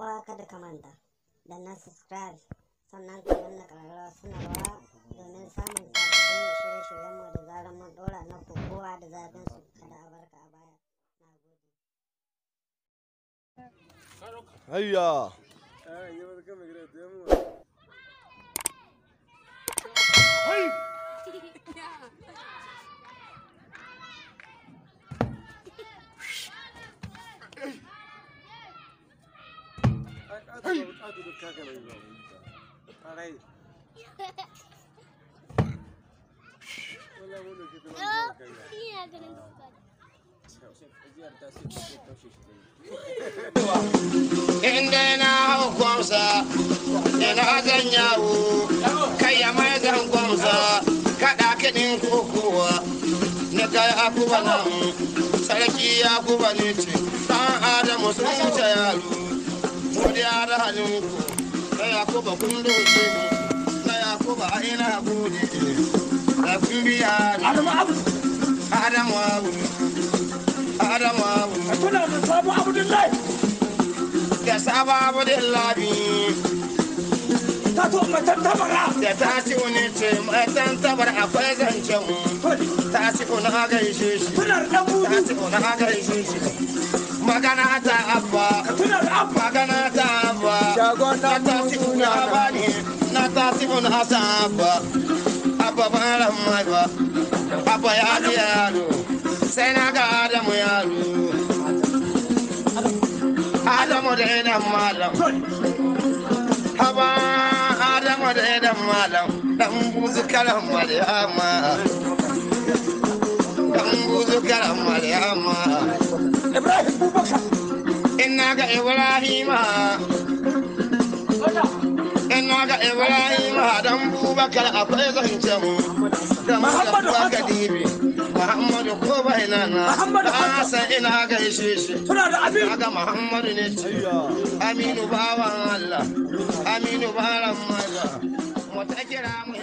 uwa kada ka manta da na subscribe sannan ka danna ƙararrawa sanarwa domin samun sabbin shirye-shiryenmu da zarar mun ɗora na kowa da zaben su kada a barka a baya na gode in Inda na hau kwamsa, ina zan yawo, kai ya mai zan kwamsa, kaɗa kiɗin kokowa, na kai akuba nan, sarki ya kuba ne ce, ɗan Adamu sun wuce yaro. godiya da hannun na yakuba kundo doce na yakuba a ina hakuri da kun biya ne adamu abu adamu abu adamu abu a tuna da sabu abdullahi da sabu abdullahi ta to matan tabara da ta ci wani ce matan tabara akwai zancen ta ci wani agaishe shi tunar dan budu ta ci wani agaishe shi magana ta abba tunar mun hasafa abba malam mai ba abba ya ji yaro sai na ga adamu yaro adamu da idan malam haba adamu da idan malam dan buzu karan maryama dan buzu karan maryama ibrahim bubakar inna ga ibrahima na ga Ibrahim Adam Bubakar akwai zancen da Muhammadu Kadiri Muhammadu ko bai nan Muhammadu Hassan ina gaishe shi tuna da abin ga Muhammadu ne ce Aminu bawan Allah Aminu baran mu ta kira mu